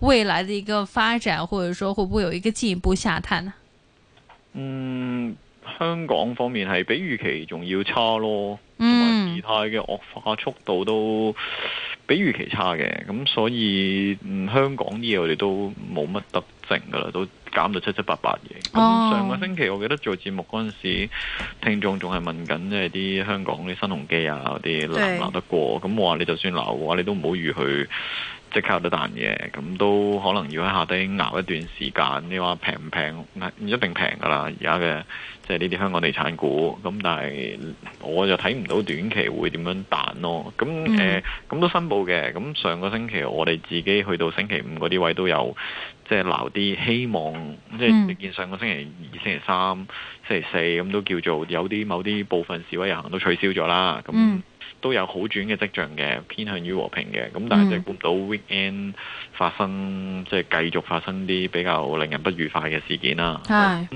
未來的一個發展，或者說會不會有一個進一步下探呢？嗯，香港方面係比預期仲要差咯，同埋時態嘅惡化速度都比預期差嘅，咁所以嗯香港啲嘢我哋都冇乜得剩噶啦，都減到七七八八嘢。咁、哦嗯、上個星期我記得做節目嗰陣時，聽眾仲係問緊即係啲香港啲新鴻基啊嗰啲留唔留得過，咁對、嗯、我話你就算留嘅話，你都唔好預佢。即刻都彈嘢，咁都可能要喺下低熬一段時間。你話平唔平？唔一定平噶啦，而家嘅即係呢啲香港地產股。咁但係我就睇唔到短期會點樣彈咯。咁咁、呃、都申報嘅。咁上個星期我哋自己去到星期五嗰啲位都有。即係鬧啲希望，即係你見上個星期二、嗯、星期三、星期四咁都叫做有啲某啲部分示威遊行都取消咗啦，咁、嗯、都有好轉嘅跡象嘅，偏向於和平嘅，咁但係就估唔到 weekend 發生，即、就、係、是、繼續發生啲比較令人不愉快嘅事件啦。的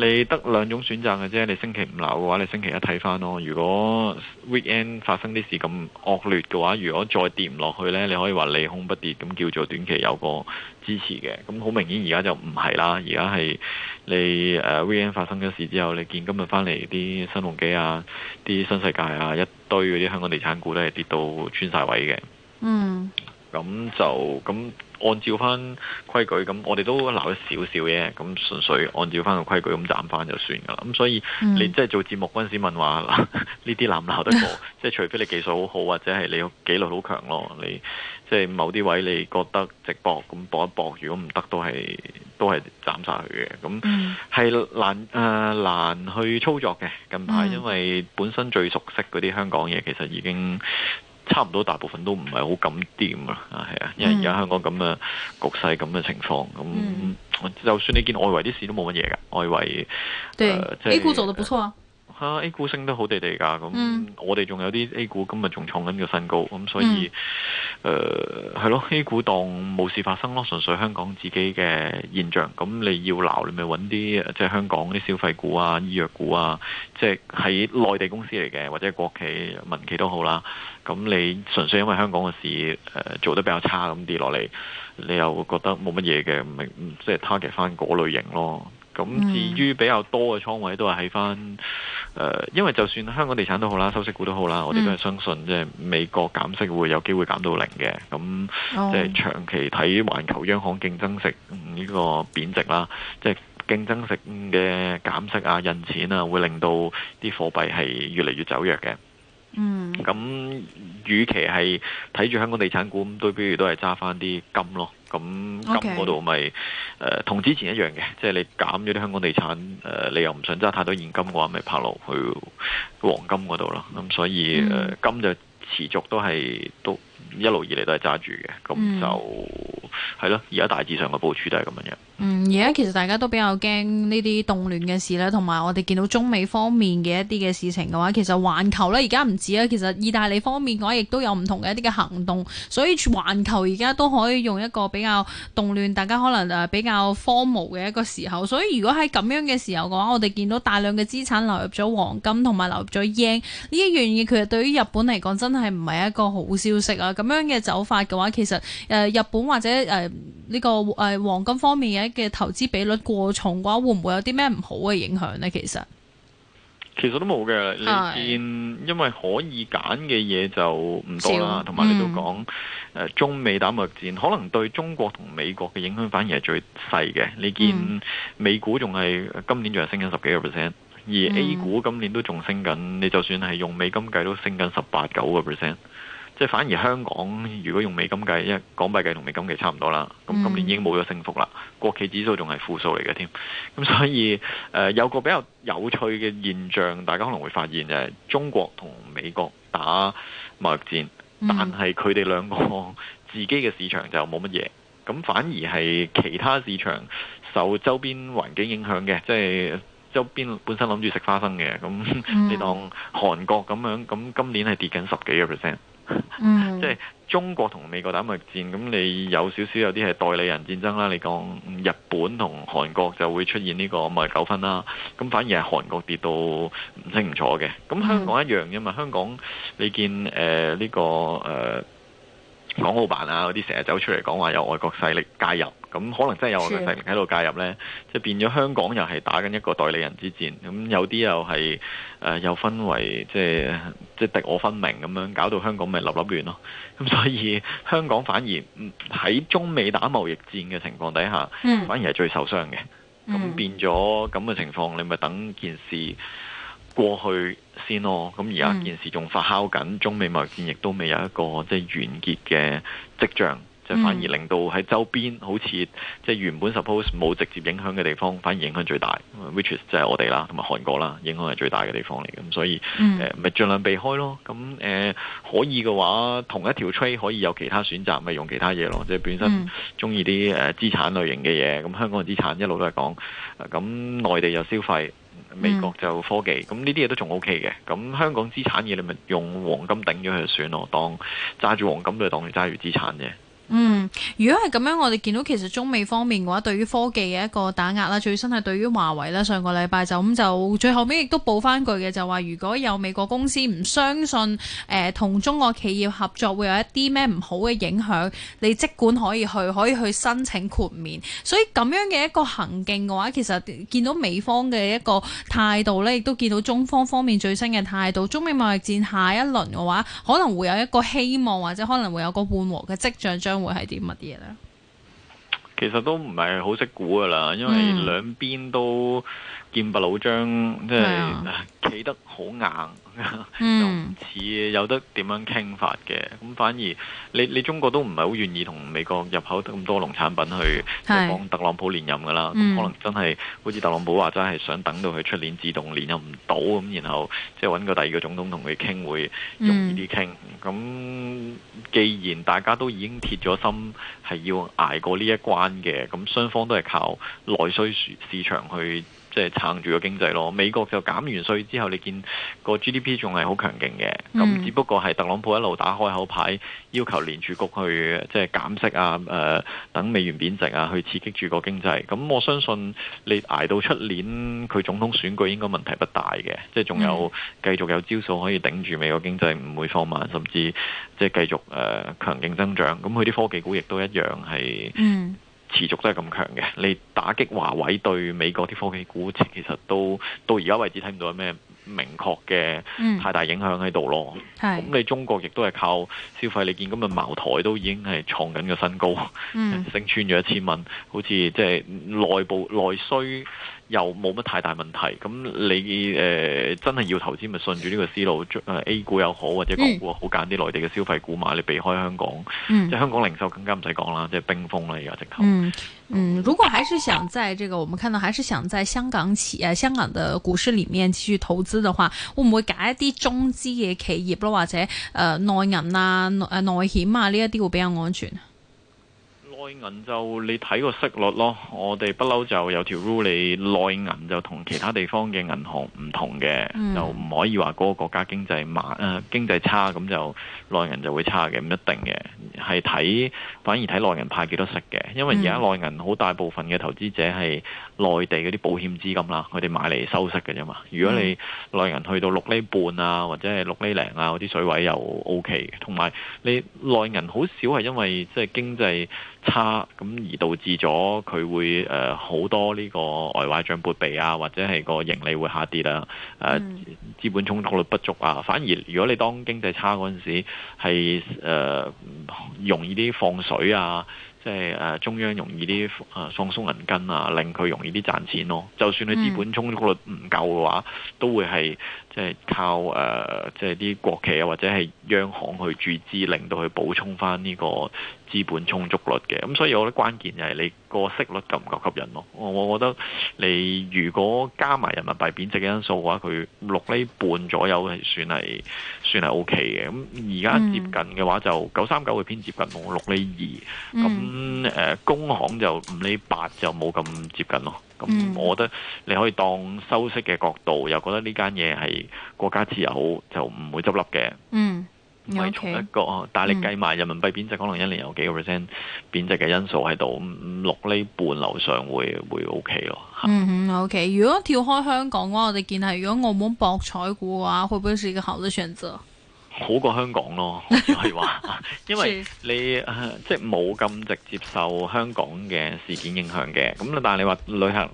你得兩種選擇嘅啫，你星期五鬧嘅話，你星期一睇翻咯。如果 weekend 發生啲事咁惡劣嘅話，如果再跌唔落去呢，你可以話利空不跌，咁叫做短期有個支持嘅。咁好明顯，而家就唔係啦，而家係你 weekend 發生咗事之後，你見今日翻嚟啲新鴻基啊、啲新世界啊，一堆嗰啲香港地產股都係跌到穿曬位嘅。嗯。咁就咁按照翻規矩，咁我哋都鬧咗少少嘅，咁純粹按照翻個規矩咁斬翻就算噶啦。咁所以、嗯、你即係做節目嗰陣時問話，嗱呢啲鬧唔鬧得過？即係 除非你技術好好，或者係你個紀律好強咯。你即係、就是、某啲位，你覺得直播咁搏一搏，如果唔得，都係都係斬晒佢嘅。咁係、嗯、難誒、呃、難去操作嘅。近排因為本身最熟悉嗰啲香港嘢，其實已經。差唔多，大部分都唔係好敢掂啊！啊，係啊，因為而家香港咁嘅局勢、咁嘅、嗯、情況，咁就算你見外圍啲事都冇乜嘢㗎，外圍對、呃就係、A 股走得不錯啊。吓、啊、A 股升得好地地㗎，咁、嗯、我哋仲有啲 A 股今日仲創緊嘅新高，咁所以，誒係、嗯呃、咯，A 股當冇事發生咯，純粹香港自己嘅現象。咁你要鬧，你咪搵啲即係香港啲消費股啊、醫藥股啊，即係喺內地公司嚟嘅或者國企、民企都好啦。咁你純粹因為香港嘅市誒做得比較差，咁跌落嚟，你又覺得冇乜嘢嘅，明、就、即、是、係 target 翻嗰類型咯。咁至於比較多嘅倉位都係喺翻。誒，因為就算香港地產都好啦，收息股都好啦，我哋都係相信即係美國減息會有機會減到零嘅。咁即係長期睇環球央行競爭性呢個貶值啦，即係競爭性嘅減息啊、印錢啊，會令到啲貨幣係越嚟越走弱嘅。嗯，咁，與其係睇住香港地產股，咁都不如都係揸翻啲金咯。咁金嗰度咪，誒 Okay.、呃，同之前一樣嘅，即係你減咗啲香港地產，誒，你又唔想揸太多現金嘅話，咪拍落去黃金嗰度啦。咁所以，誒，金就持續都係都。一路以嚟都係揸住嘅，咁就係咯。而家、嗯、大致上嘅部署都係咁樣樣。嗯，而家其實大家都比較驚呢啲動亂嘅事咧，同埋我哋見到中美方面嘅一啲嘅事情嘅話，其實環球咧而家唔止啊。其實意大利方面嘅話，亦都有唔同嘅一啲嘅行動，所以環球而家都可以用一個比較動亂，大家可能誒比較荒謬嘅一個時候。所以如果喺咁樣嘅時候嘅話，我哋見到大量嘅資產流入咗黃金同埋流入咗日圓，呢一樣嘢其實對於日本嚟講真係唔係一個好消息啊！咁樣嘅走法嘅話，其實誒日本或者誒呢個誒黃金方面嘅投資比率過重嘅話，會唔會有啲咩唔好嘅影響呢？其實其實都冇嘅，你見因為可以揀嘅嘢就唔多啦，同埋你都講誒中美打貿易戰，可能對中國同美國嘅影響反而係最細嘅。你見美股仲係今年仲係升緊十幾個 percent，而 A 股今年都仲升緊，你就算係用美金計都升緊十八九個 percent。即係反而香港，如果用美金計，因為港幣計同美金計差唔多啦。咁今年已經冇咗升幅啦，國企指數仲係負數嚟嘅添。咁所以誒，有個比較有趣嘅現象，大家可能會發現就係、是、中國同美國打貿易戰，但係佢哋兩個自己嘅市場就冇乜嘢。咁反而係其他市場受周邊環境影響嘅，即、就、係、是、周邊本身諗住食花生嘅咁，那你當韓國咁樣咁今年係跌緊十幾個 percent。即係 中國同美國打貿易戰，咁你有少少有啲係代理人戰爭啦。你講日本同韓國就會出現呢個貿易糾紛啦。咁反而係韓國跌到唔清唔楚嘅。咁香港一樣啫嘛，香港你見誒呢、呃這個誒、呃、港澳辦啊嗰啲成日走出嚟講話有外國勢力介入。咁可能真係有外國勢力喺度介入呢，的即係變咗香港又係打緊一個代理人之戰。咁有啲又係誒、呃、又分為即係即係敵我分明咁樣，搞到香港咪立立亂咯。咁所以香港反而喺中美打貿易戰嘅情況底下，嗯、反而係最受傷嘅。咁、嗯、變咗咁嘅情況，你咪等件事過去先咯。咁而家件事仲發酵緊，嗯、中美貿易戰亦都未有一個即係完結嘅跡象。即反而令到喺周邊好似即係原本 suppose 冇直接影響嘅地方，反而影響最大，which is 即係我哋啦，同埋韓國啦，影響係最大嘅地方嚟嘅。咁所以咪、嗯呃、盡量避開咯。咁、呃、誒可以嘅話，同一條 trade 可以有其他選擇，咪用其他嘢咯。即係本身中意啲誒資產類型嘅嘢。咁、嗯、香港資產一路都係講，咁內地又消費，美國就科技。咁呢啲嘢都仲 OK 嘅。咁香港資產嘢你咪用黃金頂咗佢算咯，當揸住黃金都係當住揸住資產嘅。嗯，如果係咁樣，我哋見到其實中美方面嘅話，對於科技嘅一個打壓啦，最新係對於華為啦，上個禮拜就咁就最後尾亦都補翻句嘅，就話如果有美國公司唔相信誒同、呃、中國企業合作會有一啲咩唔好嘅影響，你即管可以去可以去申請豁免。所以咁樣嘅一個行徑嘅話，其實見到美方嘅一個態度咧，亦都見到中方方面最新嘅態度，中美貿易戰下一輪嘅話，可能會有一個希望或者可能會有一個緩和嘅跡象將。會係啲乜嘢咧？其實都唔係好識估嘅啦，因為兩邊都劍拔弩張，即係企得好硬。嗯嗯、又唔似有得點樣傾法嘅，咁反而你你中國都唔係好願意同美國入口咁多農產品去幫特朗普連任噶啦，咁、嗯、可能真係好似特朗普話真係想等到佢出年自動連任唔到咁，然後即係揾個第二個總統同佢傾會容易啲傾。咁、嗯、既然大家都已經鐵咗心係要捱過呢一關嘅，咁雙方都係靠內需市市場去。即係撐住個經濟咯，美國就減完稅之後，你見個 GDP 仲係好強勁嘅，咁、嗯、只不過係特朗普一路打開口牌，要求聯儲局去即係、就是、減息啊、呃，等美元貶值啊，去刺激住個經濟。咁我相信你捱到出年佢總統選舉應該問題不大嘅，即係仲有、嗯、繼續有招數可以頂住美國經濟唔會放慢，甚至即係繼續誒、呃、強勁增長。咁佢啲科技股亦都一樣係。嗯持續都係咁強嘅，你打擊華為對美國啲科技股，其實都到而家為止睇唔到有咩明確嘅太大影響喺度咯。咁、嗯、你中國亦都係靠消費，你見今日茅台都已經係創緊個新高，嗯、升穿咗一千蚊，好似即係內部內需。又冇乜太大問題，咁你誒、呃、真係要投資咪順住呢個思路，A 股又好或者港股、嗯、好揀啲內地嘅消費股買，你避開香港，嗯、即係香港零售更加唔使講啦，即係冰封啦而家直頭。嗯,嗯,嗯如果還是想在這個，我們看到還是想在香港企 啊香港嘅股市裡面繼續投資的話，會唔會揀一啲中資嘅企業咯，或者誒、呃、內銀啊誒、呃、內險啊呢一啲會比較安全？內銀就你睇個息率咯，我哋不嬲就有條 rule，你內銀就同其他地方嘅銀行唔同嘅，嗯、就唔可以話嗰個國家經濟慢、啊、經濟差咁就內銀就會差嘅，唔一定嘅，係睇反而睇內銀派幾多息嘅，因為而家內銀好大部分嘅投資者係內地嗰啲保險資金啦，佢哋買嚟收息嘅啫嘛。如果你內銀去到六厘半啊或者係六厘零啊，嗰啲水位又 O K 同埋你內銀好少係因為即係、就是、經濟。差咁而導致咗佢會誒好、呃、多呢個外壞帳撥備啊，或者係個盈利會下跌啦、啊。誒、啊、資、嗯、本充足率不足啊，反而如果你當經濟差嗰陣時，係、呃、容易啲放水啊，即、就、係、是呃、中央容易啲誒放鬆銀根啊，令佢容易啲賺錢咯。就算佢資本充足率唔夠嘅話，嗯、都會係即係靠誒即係啲國企啊，或者係央行去注資令到去補充翻呢、這個。資本充足率嘅，咁所以我覺得關鍵就係你個息率夠唔夠吸引咯。我覺得你如果加埋人民幣貶值嘅因素嘅話，佢六厘半左右係算係算係 O K 嘅。咁而家接近嘅話就九三九會偏接近，六六厘二。咁誒，工、嗯呃、行就五厘八就冇咁接近咯。咁我覺得你可以當收息嘅角度，嗯、又覺得呢間嘢係國家持有就唔會執笠嘅。嗯。唔係同一個，但係你計埋人民幣貶值，可能一年有幾個 percent 貶值嘅因素喺度，五六呢半樓上會會 OK 咯。嗯，OK。如果跳開香港嘅話，我哋見係如果澳門博彩股嘅話，會唔會是一個好的選擇？好過香港咯，係嘛？ 因為你、呃、即係冇咁直接受香港嘅事件影響嘅。咁但係你話旅行。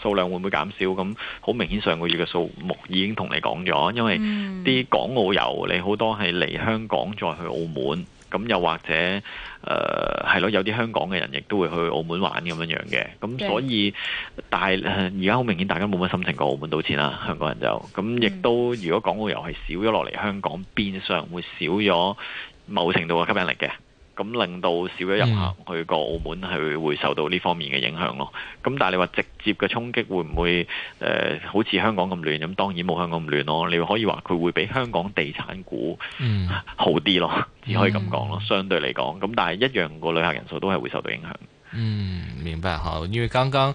數量會唔會減少？咁好明顯上個月嘅數目已經同你講咗，因為啲港澳遊你好多係嚟香港再去澳門，咁又或者誒係咯，有啲香港嘅人亦都會去澳門玩咁樣樣嘅，咁所以的但係而家好明顯大家冇乜心情過澳門賭錢啦，香港人就咁亦都，如果港澳遊係少咗落嚟，香港變相會少咗某程度嘅吸引力嘅。咁令到少咗遊客去過澳門，係會受到呢方面嘅影響咯。咁但係你話直接嘅衝擊會唔會誒、呃，好似香港咁亂，咁當然冇香港咁亂咯。你可以話佢會比香港地產股好啲咯，只可以咁講咯。相對嚟講，咁但係一樣個旅客人數都係會受到影響。嗯，明白，好，因為剛剛。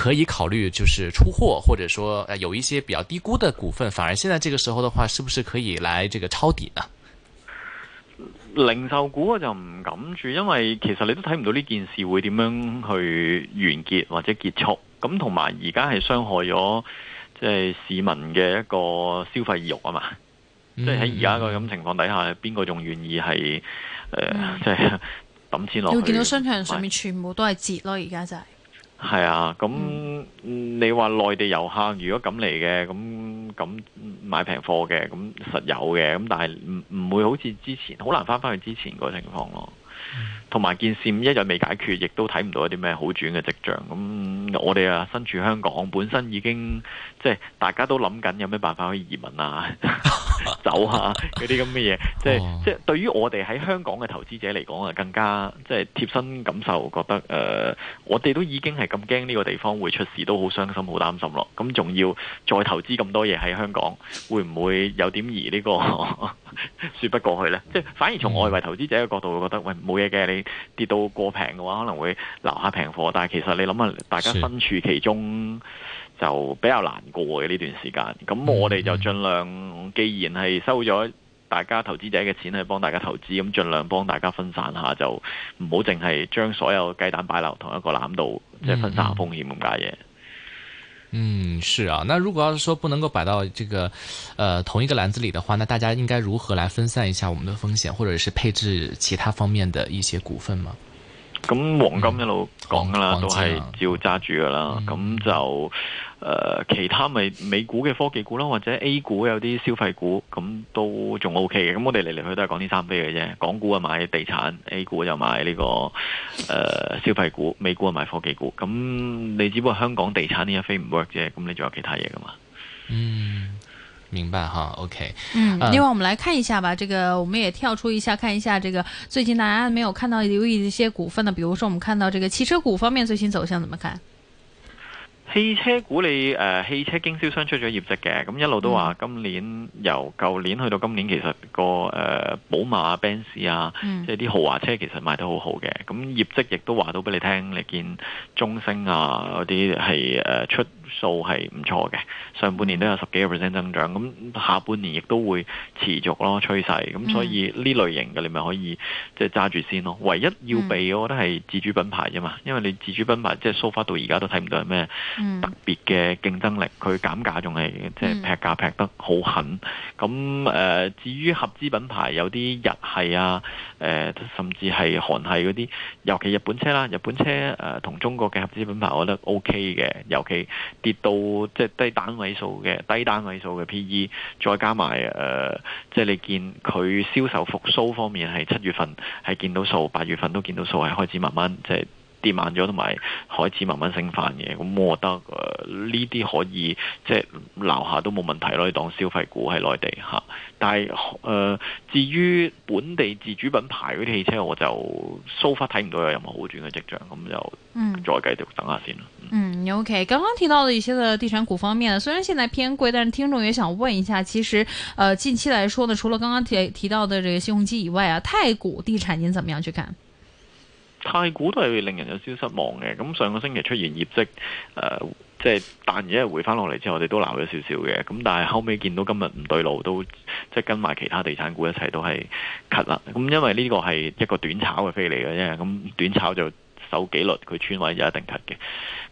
可以考慮就是出貨，或者說有一些比較低估的股份，反而現在這個時候的話，是不是可以來這個抄底呢？零售股我就唔敢住，因為其實你都睇唔到呢件事會點樣去完結或者結束。咁同埋而家係傷害咗即係市民嘅一個消費意欲啊嘛。即係喺而家個咁情況底下，邊個仲願意係即係抌錢落去？我見到商場上面全部都係折咯，而家就係、是。係啊，咁你話內地遊客如果咁嚟嘅，咁咁買平貨嘅，咁實有嘅，咁但係唔唔會好似之前，好難翻翻去之前個情況咯。同埋、嗯、件事一日未解決，亦都睇唔到一啲咩好轉嘅跡象。咁我哋啊身處香港，本身已經即係大家都諗緊有咩辦法可以移民啊。 走下嗰啲咁嘅嘢，即係即係對於我哋喺香港嘅投資者嚟講，啊，更加即係、就是、貼身感受，覺得誒、呃，我哋都已經係咁驚，呢個地方會出事，都好傷心，好擔心咯。咁仲要再投資咁多嘢喺香港，會唔會有點而呢、這個 說不過去咧？即、就、係、是、反而從外圍投資者嘅角度，會覺得喂，冇嘢嘅，你跌到過平嘅話可能會留下平貨，但係其實你諗下，大家身處其中。就比較難過嘅呢段時間，咁我哋就盡量，既然係收咗大家投資者嘅錢去幫大家投資，咁盡量幫大家分散下，就唔好淨係將所有雞蛋擺留同一個籃度，即、就、係、是、分散下風險咁解嘢。嗯，是啊，那如果要是說不能夠擺到這個、呃，同一個籃子裏的話，那大家應該如何來分散一下我們的風險，或者是配置其他方面的一些股份嗎？咁黃金一路講噶啦，嗯啊、都係照揸住噶啦，咁、嗯、就。誒、呃，其他咪美股嘅科技股啦，或者 A 股有啲消費股，咁都仲 OK 嘅。咁我哋嚟嚟去去都係講呢三飛嘅啫。港股啊買地產，A 股就買呢、這個誒、呃、消費股，美股啊買科技股。咁你只不過香港地產呢一飛唔 work 啫，咁你仲有其他嘢噶嘛？嗯，明白哈。OK。嗯，嗯，另外我們來看一下吧，這個我們也跳出一下，看一下這個最近大家沒有看到留意一些股份呢，比如說我們看到這個汽車股方面最新走向，怎麼看？汽車股你誒、啊、汽車經銷商出咗業績嘅，咁一路都話今年、嗯、由舊年去到今年，其實、嗰個寶、呃、寶馬、Benz 啊，即係啲豪華車其實賣得好好嘅。咁業績亦都話到俾你聽，你見中升啊嗰啲係誒出數係唔錯嘅，上半年都有十幾個 percent 增長，咁、嗯、下半年亦都會持續咯趨勢。咁所以呢類型嘅你咪可以即係揸住先咯。唯一要避，嗯、我覺得係自主品牌啫嘛，因為你自主品牌即係 so far 到而家都睇唔到係咩。特別嘅競爭力，佢減價仲係即係劈價劈得好狠。咁誒、呃，至於合資品牌有啲日系啊，誒、呃、甚至係韓系嗰啲，尤其日本車啦，日本車誒同、呃、中國嘅合資品牌，我覺得 OK 嘅。尤其跌到即係、就是、低單位數嘅低單位數嘅 PE，再加埋誒，即、呃、係、就是、你見佢銷售復甦方面係七月份係見到數，八月份都見到數，係開始慢慢即係，就是跌慢咗，同埋開始慢慢升返嘅，咁我覺得誒呢啲可以即係撈下都冇問題咯，你當消費股喺內地嚇、啊。但係誒、呃、至於本地自主品牌嗰啲汽車，我就 So far 睇唔到有任何好轉嘅跡象，咁就再繼續等一下先啦。嗯，嗯，嗯，OK，剛剛提到嘅一些的地產股方面，雖然現在偏貴，但係聽眾也想問一下，其實誒、呃、近期來說呢，除了剛剛提提到的這個新鴻基以外啊，太古地產，您怎麼樣去看？太古都係令人有少失望嘅，咁上個星期出現業績，誒、呃，即、就、係、是、但嘢係回翻落嚟之後，我哋都鬧咗少少嘅。咁但係後尾見到今日唔對路，都即係跟埋其他地產股一齊都係咳啦。咁因為呢個係一個短炒嘅飛嚟嘅啫，咁短炒就守幾率，佢穿位就一定咳嘅。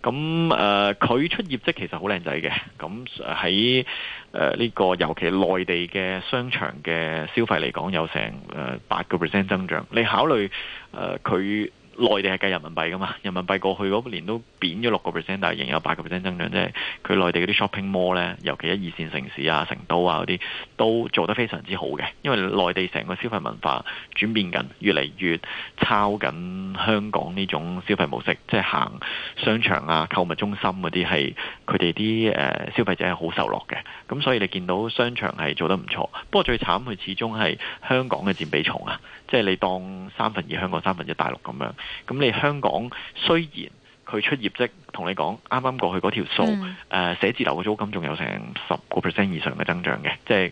咁、嗯、誒，佢、呃、出業績其實好靚仔嘅。咁喺呢個尤其內地嘅商場嘅消費嚟講，有成誒八個 percent 增長。你考慮佢。呃內地係計人民幣噶嘛？人民幣過去嗰年都貶咗六個 percent，但係仍有八個 percent 增長。即係佢內地嗰啲 shopping mall 咧，尤其喺二線城市啊、成都啊嗰啲，都做得非常之好嘅。因為內地成個消費文化轉變緊，越嚟越抄緊香港呢種消費模式，即係行商場啊、購物中心嗰啲係佢哋啲誒消費者係好受落嘅。咁所以你見到商場係做得唔錯，不過最慘佢始終係香港嘅佔比重啊。即係你當三分二香港三分一大陸咁樣，咁你香港雖然佢出業績，同你講啱啱過去嗰條數，嗯、呃、寫字樓嘅租金仲有成十個 percent 以上嘅增長嘅，即係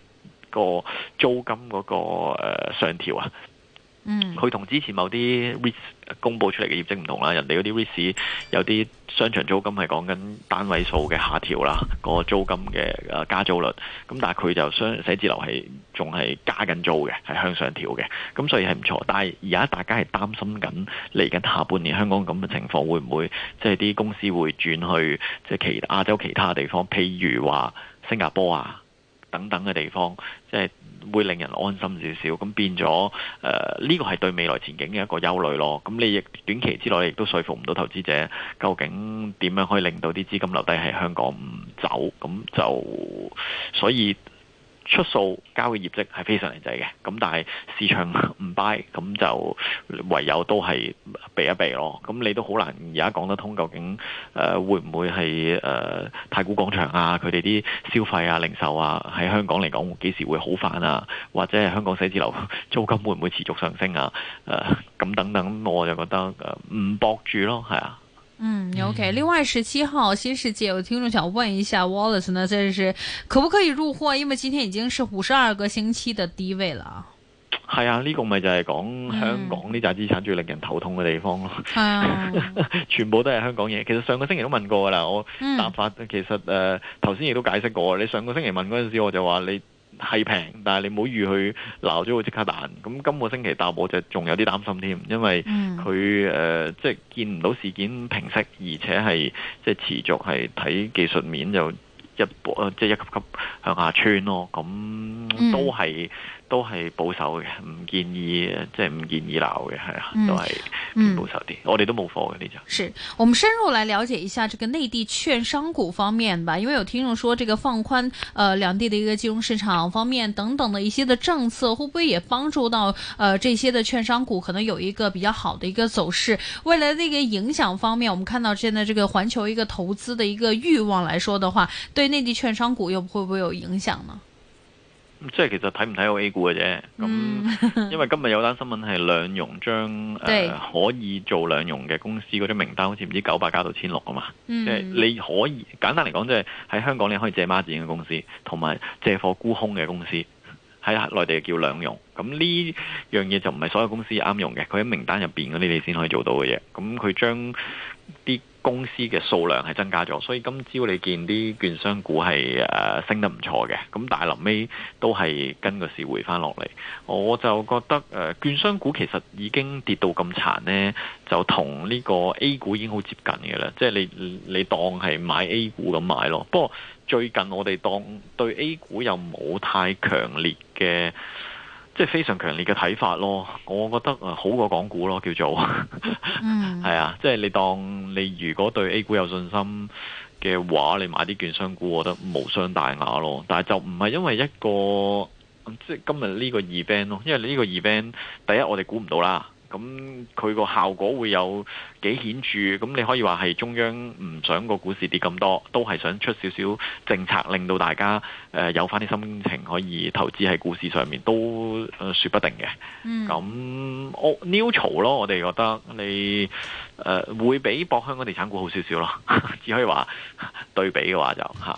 個租金嗰、嗰個、呃、上調啊。佢同、嗯、之前某啲 REIT 公布出嚟嘅業績唔同啦，人哋嗰啲 REIT 有啲商場租金係講緊單位數嘅下調啦，個租金嘅加租率，咁但係佢就商寫字樓係仲係加緊租嘅，係向上調嘅，咁所以係唔錯。但係而家大家係擔心緊嚟緊下半年香港咁嘅情況，會唔會即係啲公司會轉去即係、其、亞洲其他地方，譬如話新加坡啊等等嘅地方，即係。會令人安心少少，咁變咗誒，呢個係對未來前景嘅一個憂慮咯。咁你亦短期之內亦都說服唔到投資者，究竟點樣可以令到啲資金留低喺香港唔走，咁就所以。出數交嘅業績係非常靚仔嘅，咁但係市場唔 buy，咁就唯有都係避一避咯。咁你都好難而家講得通，究竟誒、呃、會唔會係誒、呃、太古廣場啊佢哋啲消費啊零售啊喺香港嚟講幾時會好返啊？或者係香港寫字樓租金會唔會持續上升啊？誒、呃、咁等等，我就覺得誒唔搏住咯，係啊。嗯，OK。另外十七號、嗯、新世界有聽眾想問一下 Wallace，呢，即係可不可以入貨？因為今天已經是五十二個星期的低位啦。係啊，呢、呢個咪就係講香港呢紮資產最令人頭痛嘅地方咯。係、嗯、 啊， 全部都係香港嘢。其實上個星期都問過噶啦，我答法、嗯、其實誒，頭先亦都解釋過。你上個星期問嗰陣時，我就話你。係平，但係你唔好預佢鬧咗，會即刻彈。咁今個星期彈我就仲有啲擔心添，因為佢誒，即係、嗯呃就是、見唔到事件平息，而且係即係持續係睇技術面就一波，即、就、係、是、一級級向下穿咯。咁都係。嗯都係保守嘅，唔建議，即係唔建議鬧嘅，係啊，都係偏保守啲。嗯嗯、我哋都冇貨嘅呢隻。是我們深入來了解一下這個內地券商股方面吧，因為有聽眾說這個放寬，呃，兩地的一個金融市場方面等等的一些的政策，會不會也幫助到，呃，這些的券商股可能有一個比較好的一個走勢？未來的一個影響方面，我們看到現在這個環球一個投資的一個欲望來說的話，對內地券商股又會不會有影響呢？即係其實睇唔睇有 A 股嘅啫，咁、嗯、因為今日有單新聞係兩融將誒對、呃、可以做兩融嘅公司嗰張名單好似唔知九百加到千六啊嘛，即係、嗯、你可以簡單嚟講，即係喺香港你可以借孖展嘅公司，同埋借貨沽空嘅公司，喺內地叫兩融。咁、嗯、呢樣嘢就唔係所有公司啱用嘅，佢喺名單入邊嗰啲你先可以做到嘅嘢。咁佢將啲。公司嘅數量係增加咗，所以今朝你見啲券商股係誒升得唔錯嘅，咁但係臨尾都係跟個市回翻落嚟。我就覺得誒券商股其實已經跌到咁殘咧，就同呢個 A 股已經好接近嘅啦。即係你你當係買 A 股咁買咯。不過最近我哋當對 A 股又冇太強烈嘅。即係非常強烈嘅睇法咯，我覺得好過港股咯，叫做，係 mm. 啊，即係你當你如果對 A 股有信心嘅話，你買啲券商股，我覺得無傷大雅咯。但係就唔係因為一個即係今日呢個 event 咯，因為呢個 event 第一我哋估唔到啦。咁佢個效果會有幾顯著？咁你可以話係中央唔想個股市跌咁多，都係想出少少政策，令到大家誒有返啲心情可以投資喺股市上面，都說不定嘅。咁我、嗯 oh, neutral 咯，我哋覺得你誒、呃、會比博香港地產股好少少咯，只可以話對比嘅話就吓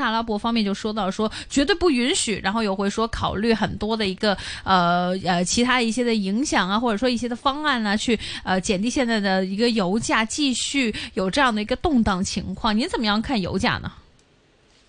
阿拉伯方面就說到說絕對不允許，然後又會說考慮很多的一個，呃呃其他一些的影響啊，或者說一些的方案啊，去呃減低現在的一個油價，繼續有這樣的一個動盪情況。你怎麼樣看油價呢？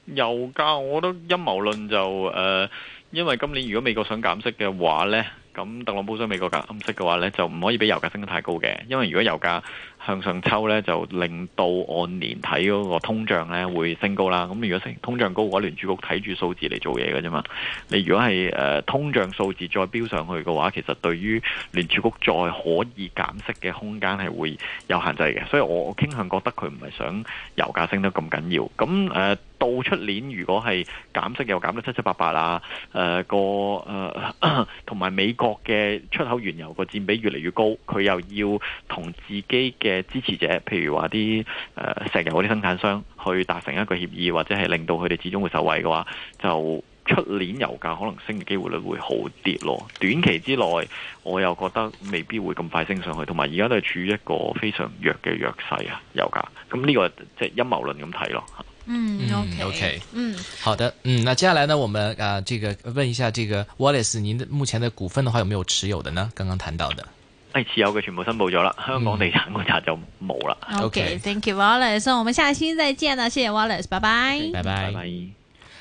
油價我都陰謀論就，誒，呃，因為今年如果美國想減息嘅話呢，咁特朗普想美國減息嘅話呢，就唔可以俾油價升得太高嘅，因為如果油價向上抽咧，就令到按年睇嗰個通脹咧會升高啦。咁如果成通脹高嘅話，聯儲局睇住數字，嚟做嘢嘅啫嘛。你如果係誒、呃、通脹數字再飆上去嘅話，其實對於聯儲局再可以減息嘅空間係會有限制嘅。所以我傾向覺得佢唔係想油價升得咁緊要。咁誒、呃、到出年，如果係減息又減得七七八八啦，誒、呃、個誒同埋美國嘅出口原油個佔比越嚟越高，佢又要同自己嘅嘅支持者，譬如話啲誒石油嗰啲生產商去達成一個協議，或者係令到佢哋始終會受惠嘅話，就出年油價可能升嘅機會率會好啲咯。短期之內，我又覺得未必會咁快升上去，同埋而家都係處於一個非常弱嘅弱勢啊。油價咁呢個即係陰謀論咁睇咯。嗯，OK，嗯，okay，嗯好的。嗯，那接下來呢，我們啊，這個問一下，這個 Wallace，您目前的股份的話，有沒有持有的呢？剛剛談到的。哎，持有嘅全部申報咗啦，香港地產嗰扎就冇啦。OK，Thank、okay, you，Wallace，、so, 我們下期再見啦，謝謝 Wallace，拜拜。拜拜拜拜。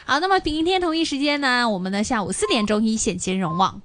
好，那麼明天同一時間呢，我們呢下午四點鐘容，一線金融網